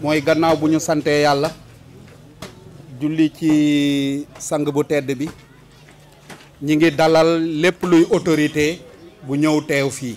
mooy gannaaw bu ñu santee yàlla julli ci sang bu tedd bi ñi ngi dalal lépp luy autorité bu ñëw teew fii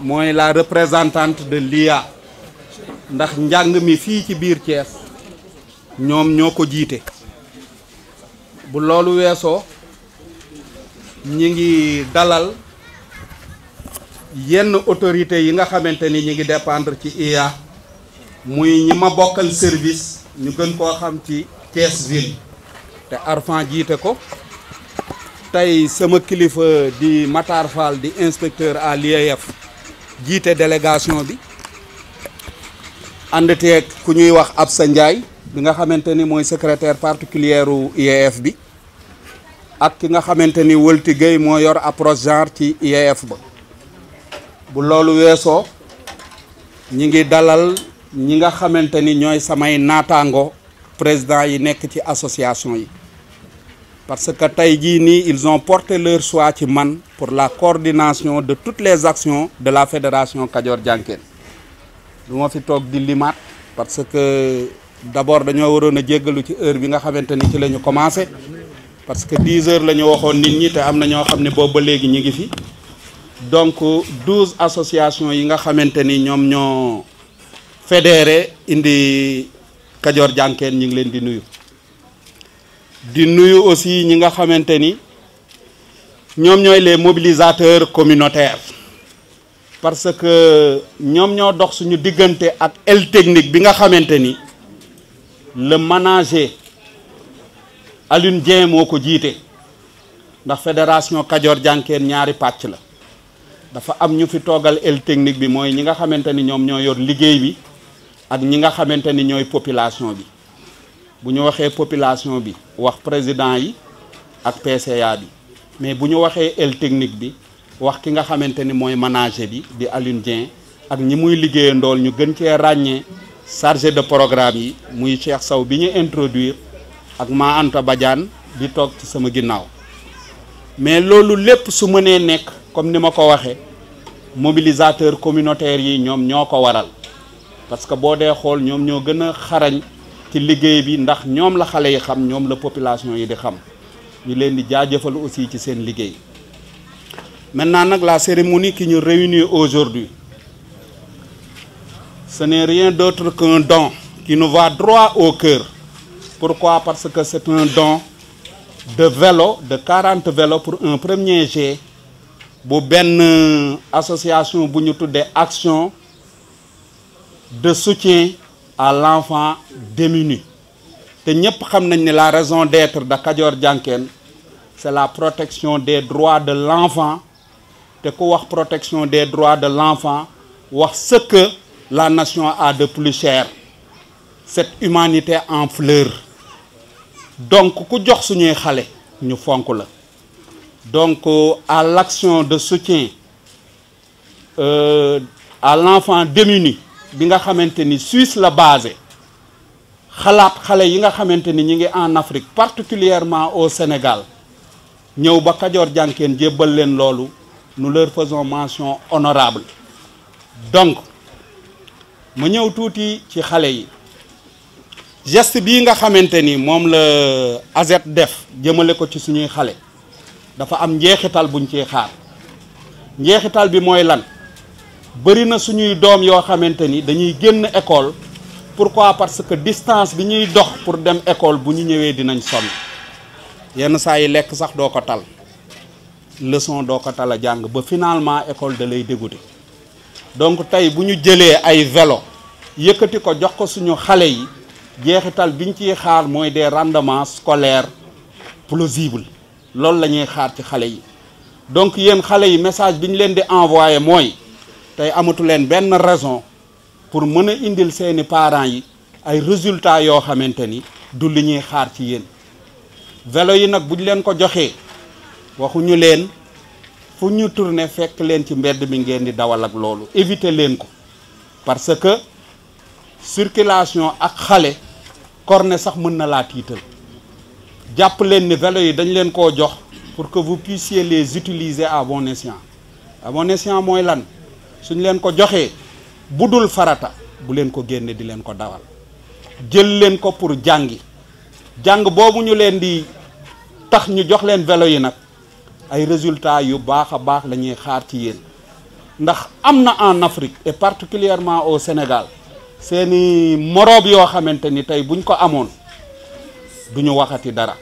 Moy la représentante de l'IA ndax njang mi fi ci bir Thiès ñom ñoko ko bu lolu wesso ñi dalal yenn autorité yi nga xamanteni ni ñi ngi dépendre ci IA muy ñi ma service ñu gën ko xam ci Thiès ville te Arfan jité ko tay sama kilifa di Matar Fall di inspecteur à l'IAF jiite délégation bi ànd teeg ku ñuy wax ab sa Ndiaye bi nga xamante ni mooy secretaire particulière u IEF bi ak ki nga xamante ni Wëlti Gueye moo yor approche genre ci IEF ba bu loolu weesoo ñi ngi dalal ñi nga xamante ni ñooy samay naataango président yi nekk ci association yi parce que tey Taïgini ils ont porté leur choix pour la coordination de toutes les actions de la fédération Kadior Jànkeen du ma fi toog di parce que d'abord nous avons a jéggalu ci heure bi nga parce que 10 heures nous avons waxoon nit ñi te am na ñoo xam que ba donc 12 associations yi nga xamante ni ñoo fédéré indi di nuyu aussi ñi nga xamanteni ñom ñoy les mobilisateurs communautaires parce que ñom ñoo dox suñu diggante ak el technique bi nga xamanteni ni le manager Alioune Dieng moo ko jiite ndax fédération Kadior Jànkeen ñaari patch la dafa am ñu fi togal el technique bi moy ñi nga xamanteni ñom ñoom yor liggéey bi ak ñi nga xamanteni ñoy population bi bu ñu waxee population bi wax président yi ak PCA bi mais bu ñu waxee aile technique bi wax ki nga xamante ni mooy manager bi di Alioune Dieng ak ñi muy liggéeya ndool ñu gën cee ràññee chargé de programme yi muy Cheikh saw bi ñu introduir ak Ma Anta Badiane bi toog ci sama ginnaaw mais loolu lépp su mënee nekk comme ni ma ko waxee mobilisateur communautaire yi ñoom ñoo ko waral parce que boo dee xool ñoom ñoo gën a xarañ ci liggéey bi ndax ñom la xam la population yi di xam ñu leen di aussi ci seen maintenant la cérémonie qui nous réunit aujourd'hui ce n'est rien d'autre qu'un don qui nous va droit au cœur pourquoi parce que c'est un don de vélo de 40 vélos pour un premier jet bu une association bu ñu des action de soutien à l'enfant démuni la raison d'être de Kadior c'est la protection des droits de l'enfant Et ku protection des droits de l'enfant c'est ce que la nation a de plus cher cette humanité en fleur donc ku jox suñuy donc euh, à l'action de soutien euh, à l'enfant démuni bi nga xamante ni Suisse la basé xalaat xale yi nga xamante ni ñi ngi en Afrique particulièrement au Sénégal ñëw ba Kajoor jànkeen jébbal leen loolu nous leur faisons mention honorable donc ma ñëw tuuti ci xale yi geste bii nga xamante ni moom la ASET def jëmale ko ci suñuy xale dafa am njeexital buñ ci xaar njeexital bi mooy lan bëri suñuy doom yo xamanteni dañuy génn école pourquoi parce que distance bi ñuy dox pour dem école bu ñu ñëwé dinañ son yenn saa yi lekk sax doo ko tal leçon doo ko tal ba finalement école da lay dégoûté donc tay bu ñu jëlee ay vélo yëkëti ko jox ko suñu xalé yi jeexital biñ ci xaar moy des rendements scolaires plausibles lool la ñuy xaar ci xalé yi donc yeen xalé yi message biñ leen di envoyer moy tay amatu len ben raison pour mën indil seeni parents yi ay résultats yo xamanteni ni du li ñuy xaar ci yeen vélo yi nak buñ len ko joxee waxuñu len fu ñu tourné fekk leen ci mbedd mi ngeen di dawal ak lolu éviter len ko parce que circulation ak xalé corne sax meuna la laa japp len ni vélo yi dañ len ko jox pour que vous puissiez les utiliser à bon escient à bon escient moy lan suñ leen ko joxé budul farata bu leen ko génné di leen ko dawal jël leen ko pour jangi jang bobu ñu leen di tax ñu jox leen vélo yi nak ay résultats yu baaxa baax lañuy xaar ci yeen ndax amna en Afrique et particulièrement au Sénégal seeni moroob buñ ko amone duñu waxati dara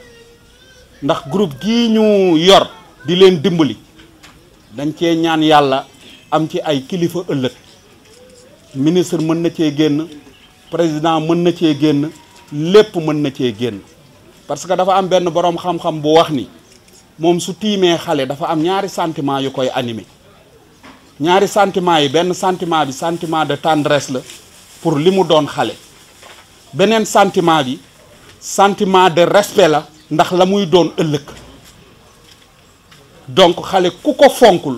ndax groupe gi ñu yor di leen dimbali dañ ci ñaan yalla am ci ay kilifa euleuk ministre mën na ci génn président mën na ci génn lepp mën na ci génn parce que dafa am benn borom xam-xam bu wax ni mom su timé xalé dafa am ñaari sentiment yu koy animé ñaari sentiment yi benn sentiment bi sentiment de tendresse la pour limu mu doon xale beneen sentiment bi sentiment de respect la ndax lamuy muy doon donc xalé kuko fonkul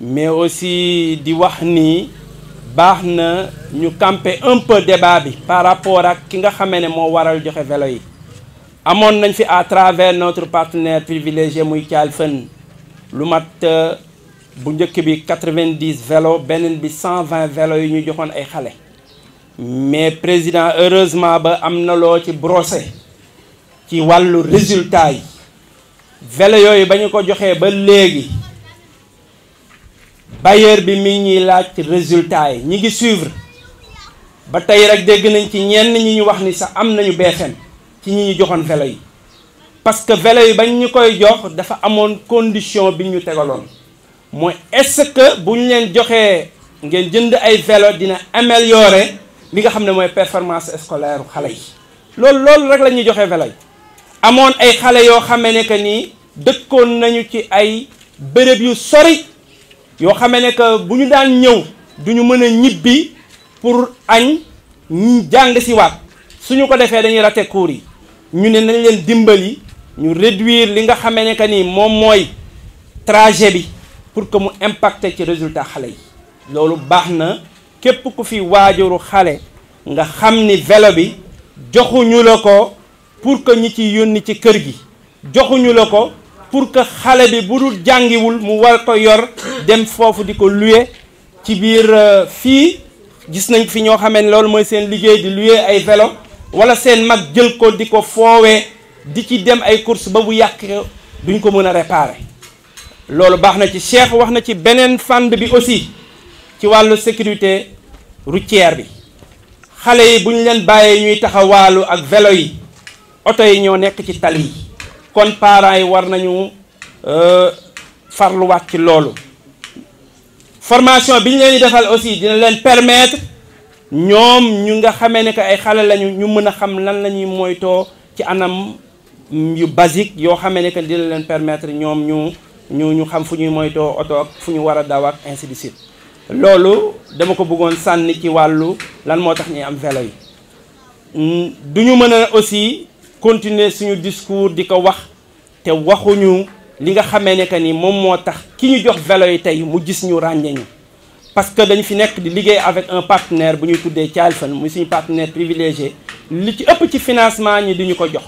mais aussi di wax ni baxna ñu camper un peu débat bi par rapport à ki nga xamé né mo waral joxé vélo yi nañ fi à travers notre partenaire privilégié muy Thialfane lu mat euh, bu njëkk bi 90 vélo benen bi 120 vélo yi ñu joxone ay xalé mais président heureusement ba amna lo ci brossé ci walu résultat yi vélo yooyu bañ ko joxé ba légui bailleur bi mi ñuy laaj ci résultat yi ñi ngi suivre ba tey rek dégg nañ ci ñenn ñi ñu wax ni sax am nañu BFM ci ñi ñu joxoon velo yi parce que vélo yi bañ ñu koy jox dafa amoon condition bi ñu tegaloon mooy est bu ñu leen joxee ngeen jënd ay vélo dina améliorer bi nga xam ne mooy performance scolaire xale yi loolu loolu rek la ñuy joxee velo yi amoon ay xale yoo xam ne nii dëkkoon nañu ci ay béréb yu sori yo xamee ne que buñu daan ñëw duñu mëna ñibbi pour añ jang ci waat suñu ko défé dañuy raté cour yi ñu né nañ leen dimbali ñu réduire li nga xamee ne que ni mom moy trajet bi pour que mu impacté ci résultat xalé yi loolu baax képp ku fi wajuru xalé nga xamni vélo bi joxu ñu lako pour que ñi ci yoni ci kër gi joxuñu la ko pour que xale bi bu dul jàngiwul mu war ko yor dem foofu di ko luye ci biir euh, fii gis nañ fi ñoo xamee ne loolu mooy seen liggéey di luye ay velo wala seen mag jël ko di ko foowee di ci dem ay course ba bu yàq duñ ko mën a réparer loolu baax na ci Cheikh wax na ci beneen fànd bi aussi ci wàllu sécurité routière bi xale yi bu ñu leen bàyyee ñuy taxawaalu ak velo yi oto yi ñoo nekk ci tali yi kon parents yi war nañu euh, farluwaat ci loolu formation bi ñu leen di defal aussi dina leen permettre ñoom ñu nga xamee ne que ay xale lañu ñu mën a xam lan la ñuy moytoo ci anam yu basique yoo xamee ne que dina leen permettre ñoom ñu ñu ñu xam fu ñuy moytoo oto ak fu ñu war a daw ak ainsi loolu dama ko bëggoon sànni ci wàllu lan moo tax ñuy am vélo yi mm, du ñu mën a aussi continuer suñu discours di ko wax te waxuñu li nga xamee ne que ni moom moo tax ki ñu jox vélo yi tey mu gis ñu ràññee ñu parce que dañ fi nekk di liggéey avec un partenaire bu ñuy tuddee Thialfane muy suñu partenaire privilégié li ci ëpp ci financement ñi di ñu ko jox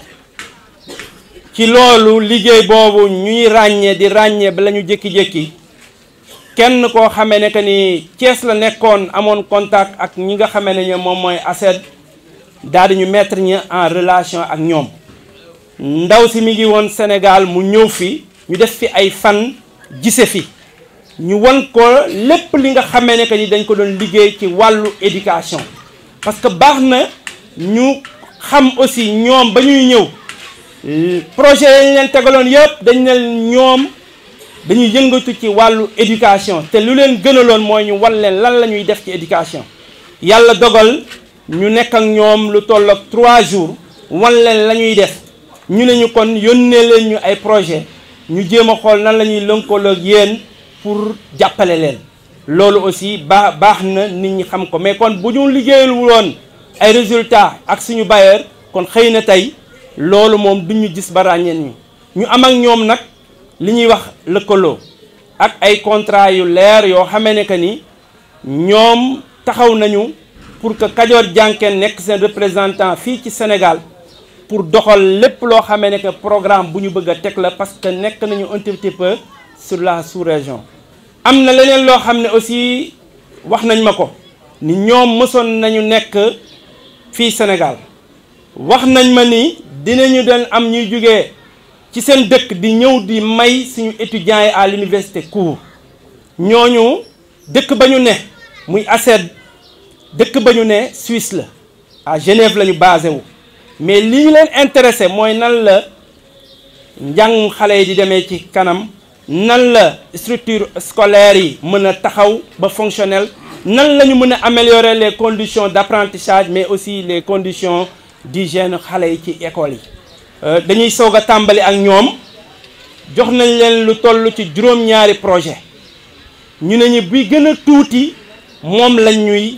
ci loolu liggéey boobu ñuy ràññee di ràññee ba la ñu jékki kenn koo xamee ne que ni Thiès la nekkoon amoon contact ak ñi nga xamee ne ñoom moom mooy ACED daal di ñu mettre ñi en relation ak ñoom ndaw si mi ngi woon Sénégal mu ñëw fi ñu def fi ay fan gise fi ñu won ko lépp li nga xame ne que ni dañ ko doon liggéey ci wàllu éducation parce que baax na ñu xam aussi ñoom ba ñuy ñëw projet yañ leen tegaloon yëpp dañ leen ñoom dañuy yëngatu ci wàllu éducation te lu leen gënaloon mooy ñu wan leen lan la ñuy def ci éducation yàlla dogal ñu nekk ak ñoom lu toll trois jours wan leen la ñuy def ñu ne ñu kon yónnee leen ñu ay projet ñu jéem a xool nan la ñuy lënkaloog yéen pour jàppale leen loolu aussi ba baax na nit ñi xam ko mais kon bu ñu liggéeyul woon ay résultats ak suñu bailleur kon xëy na tey loolu moom ñu gis ba ràññeen ñu ñu am ak ñoom nag li ñuy wax lëkkaloo ak ay contrat yu leer yoo xamee ne que ni ñoom taxaw nañu pour que Kadior Jànkeen nek sen représentant fi ci Sénégal pour doxal lepp lo xamee que programme buñu bëgg a la parce que nek nañu un sur la sous-région. amna leneen lo xamné aussi wax nañ mako ni ñom mësoon nañu nek fi Sénégal wax nañ ma ni dinañu doon am ñuy juggé ci sen dëkk di ñëw di may suñu étudiant à l'université Kou. ñooñu dëkk bañu ñu muy ACED dëkk ba ñu ne Suisse la à Genève la ñu basé wu mais li ñu leen intéressé mooy nan la njàng xale yi di demee ci kanam nan la structure scolaire yi mën a taxaw ba fonctionnel nan la ñu mën a améliorer les conditions d'apprentissage mais aussi les conditions d'hygiène xale yi ci école yi euh, dañuy soog a tàmbali ak ñoom jox nañ leen lu toll ci juróom-ñaari projet ñu ne ñu bi gën a tuuti moom lañ ñuy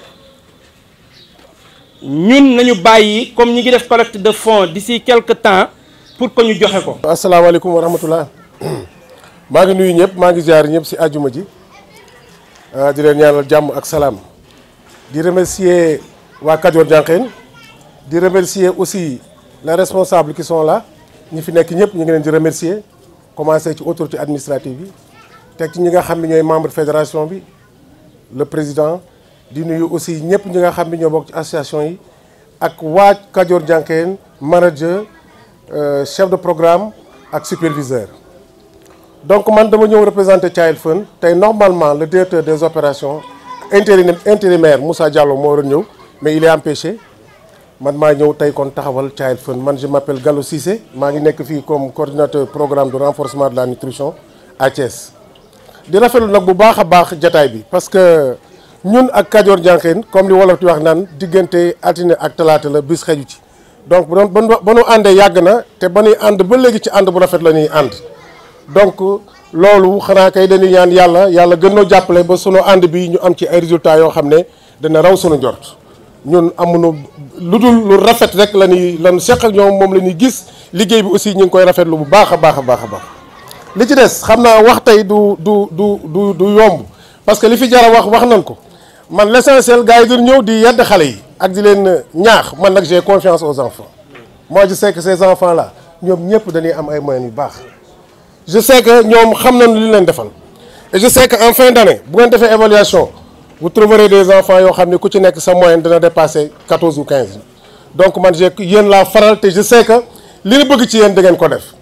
ñun nañu bayyi comme ñi ngi def collecte de fonds d'ici quelque temps pour que ñu joxe ko. alaykum wa rahmatullah ma ngi nuyu ñep ma ngi ziar ñep si aljuma ji ah, di leen ñaanal jamm ak Salam. di remercier waa Kajoor Jànqeen di remercier aussi les responsables qui sont là ñi fi nek ñep ñu ngi leen di remercier commencer ci autorité administrative bi tek ci ñi nga xam ñoy membre fédération bi le président di nuyu aussi ñëpp ñi nga de ñoo bokk ci association yi ak manager euh, chef de programme ak superviseur donc man dama ñeu représenter Child Fund tay normalement le directeur des opérations intérim intérimaire Moussa Diallo mo mais il est empêché man ma ñeu tay kon taxawal Child Fund man je m'appelle Gallo Cissé ma ngi nekk comme coordinateur programme de renforcement de la nutrition à Thiès di rafetlu nak bu baax baax jataay bi parce que ñun ak Kajoor Jànqeen comme li wolof di wax naan diggante altine ak talaata la bis xeju ci donc bu doon ba nu àndee yàgg na te ba nuy ànd ba léegi ci ànd bu rafet la ñuy ànd donc loolu xanaa kay dañuy ñaan yàlla yàlla gën noo jàppale ba sunu ànd bi ñu am ci ay résultats yoo xam ne dana raw sunu njort ñun amuñu lu dul lu rafet rek la ñuy lan seq ak ñoom moom la ñuy gis liggéey bi aussi ñu ngi koy rafetlu bu baax baax a baax li ci des xam naa wax tey du du du du du yomb parce que li fi jar a wax wax nañ ko. man l'essentiel, gars dir dañu di yedd xalé yi ak di len euh, ñaax man nak j'ai confiance aux enfants moi je sais que ces enfants là ñom ñep dañuy am ay moyens yu baax je sais que ñom xam nañu li len defal et je sais que en fin d'année, bu ngeen defee évaluation vous trouverez des enfants yo xamni ku ci nek sa moyenne dina dépasser 14 ou 15. donc man j'ai yéen la faral te je sais que li ñu bëgg ci yéen da ngeen ko def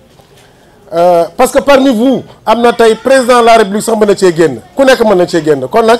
euh, parce que parmi vous y a un président de la république sax mën na cee génn ku nekk mën na cee génn kon nag.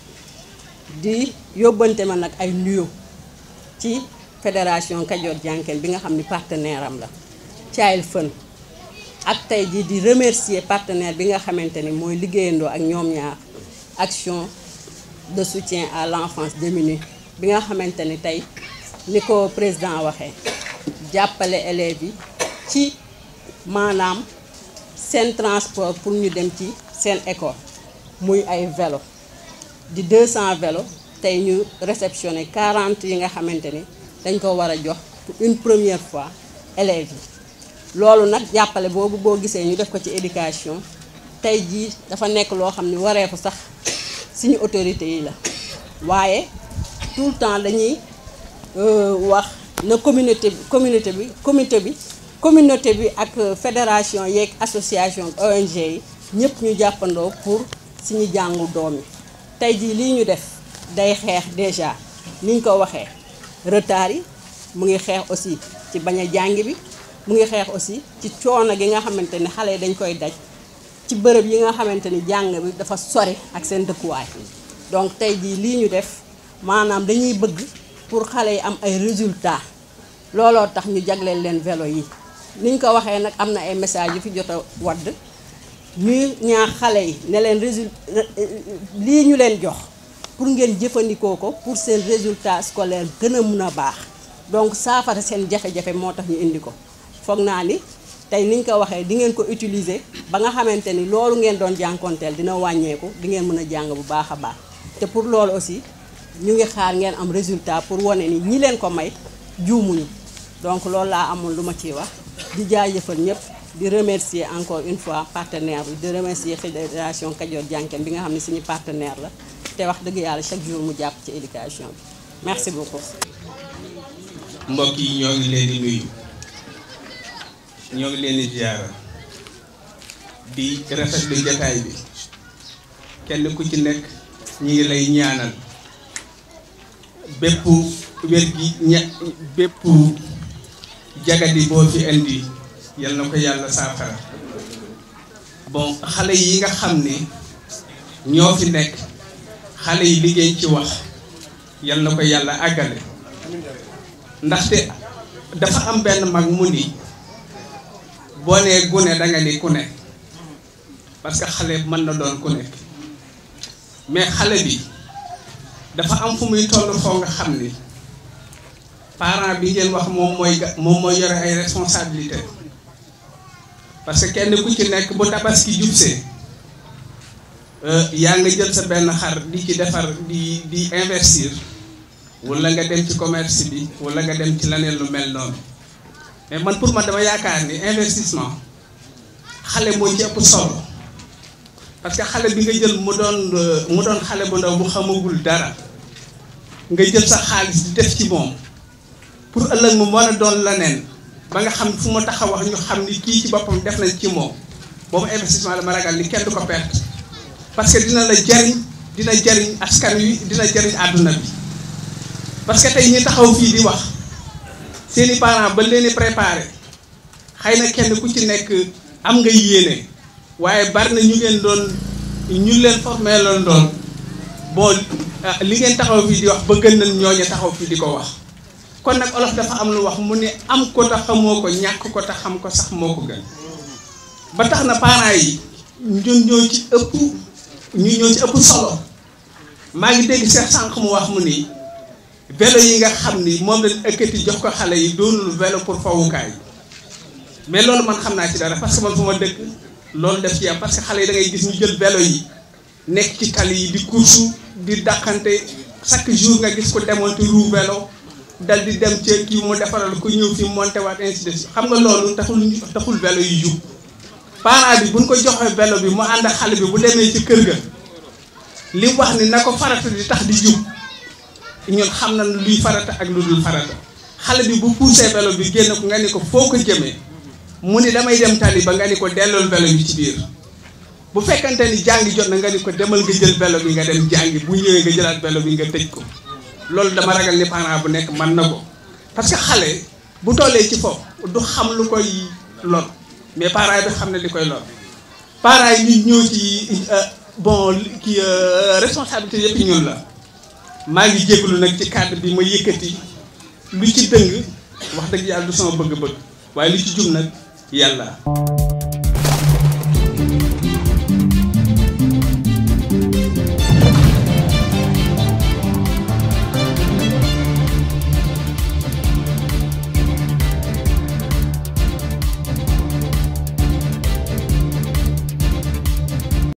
di yobante man nak ay nuyo ci fédération kadior Jankel bi nga xam partenaire am la Child Fund ak tay jii di remercier partenaire bi nga xamante ni mooy ak ñom ñaar action de soutien à l'enfance démunie bi nga xamante tay tey président waxé jappalé élèves yi ci manam sen transport pour ñu dem ci sen école muy ay vélo di 200 vélos tey ñu réceptionné 40 yi nga xamante ni dañ ko war jox une première fois élèves yi loolu nag jàppale boobu boo gisee ñu def ko ci éducation tey jii dafa nekk loo xam ne wareefu sax suñu autorité yi la waaye tout le temps dañuy euh, wax na communauté bi communauté bi comité bi communauté bi ak fédération yeeg association ONG yi ñëpp ñu jàppandoo pour suñu jàngu doom tey jii lii ñu def day xeex déjà niñ ko waxee retard yi mu ngi xeex aussi ci bañ a jàng bi mu ngi xeex aussi ci coono gi nga xamante ni xale yi dañ koy daj ci bërëb yi nga xamante ni jàng bi dafa sori ak seen dëkkuwaay donc tey jii lii ñu def maanaam dañuy bëgg pour xale yi am ay résultats looloo tax ñu jagleel leen velo yi niñ ko waxee nag am na ay messages yu fi jot a wadd ñuy ñaax xale yi ne leen résultat lii ñu leen jox pour ngeen jëfandikoo ko pour seen résultat scolaire gën a mun a baax donc saafara seen jafe-jafe moo tax ñu indi ko foog naa ni tey niñ ko waxee di ngeen ko utiliser ba nga xamante ni loolu ngeen doon jànkonteel dina wàññeeku dingeen mën a jàng bu baax a baax te pour loolu aussi ñu ngi xaar ngeen am résultat pour wane ni ñi leen ko may juumuñu donc loolu laa amoon lu ma ciy wax di jaajëfal ñëpp. de remercier encore une fois partenaire de di remercier fédération bi nga suñu partenaire la te wax chaque jour éducation merci beaucoup. yal na ko yàlla saafara bon xale yi nga xam ni ñoo fi nekk xale yi liggéey ci wax yal na ko yàlla àggale ndaxte dafa am benn mag mu ni boo nee gune da ni ku parce que xale mën na doon ku mais xale bi dafa am fu muy toll foo nga xam ni parent bi ngeen wax moom mooy moom mooy yore ay responsabilité parce que kenn ku ci nekk bu tabaski jubsee euh, yaa nga jël sa benn xar di ci defar di di investir wala nga dem ci commerce bi wala nga dem ci leneen lu mel noonu mais man pour ma dama yaakaar ni investissement xale moo ci ëpp solo parce que xale bi nga jël mu doon euh, mu doon xale bu ndaw bu xamagul dara nga jël sa xaalis di def ci moom pour ëllëg mu mën a doon leneen ba nga xam fu ma taxaw wax ñu xam ni kii ci boppam def nañ ci moom boobu investissement la ma ragal ni kenn ko perte parce que dina la jariñ dina jariñ askan wi dina jariñ àdduna bi parce que tey ñi taxaw fii di wax seeni parents ba leen préparé xëy na kenn ku ci nekk am nga yéene waaye bari na ñu leen doon ñu leen formé loon doon bon ah, li ngeen taxaw fii di wax bëgg nañ ñooñu taxaw fii di ko wax kon nag olof dafa am lu wax mu ne am ko te xamoo ko ñàkk ko te xam ko sax moo ko gën ba tax na parents yi ñun ñoo ci ëpp ñun ñoo ci ëpp solo maa ngi dégg Cheikh sànq mu wax mu nii vélo yi nga xam ni moom lañ ëkkati jox ko xale yi doonul vélo pour yi mais loolu man xam naa ci dara parce que man fu ma dëkk loolu def ci am parce que xale yi da ngay gis ñu jël vélo yi nekk ci tali yi di course di dàqante chaque jour nga gis ko démonter roue vélo dal di dem ci kii mu defaral ko ñëw fi monté waat ainsi xam nga loolu taxul taxul vélo yu jub parent bi buñ ko joxee vélo bi mu ànd ak xale bi bu demee ci kër ga li wax ni na ko farata di tax di jub ñun xam na luy farata ak lu dul farata xale bi bu poussé vélo bi génn ko nga ni ko foo ko jëmee mu ni damay dem tali ba nga ni ko dellool vélo bi ci biir bu fekkante ni jàngi jot na nga ni ko demal nga jël vélo bi nga dem jàngi bu ñëwee nga jëlaat vélo bi nga tëj ko loolu dama ragal ni parent bu nekk mën na ko parce que xale bu tollee ci foofu du xam lu koy lor mais parent yi du xam ne li koy lor parent yi ñu ñëw ci euh, bon ki euh, responsabilité yëpp ñun la maa ngi jégalu nag ci cadre bi ma yëkkati lu ci dëng wax dëgg yàlla du sama bëgg-bëgg waaye lu ci jub nag yàlla.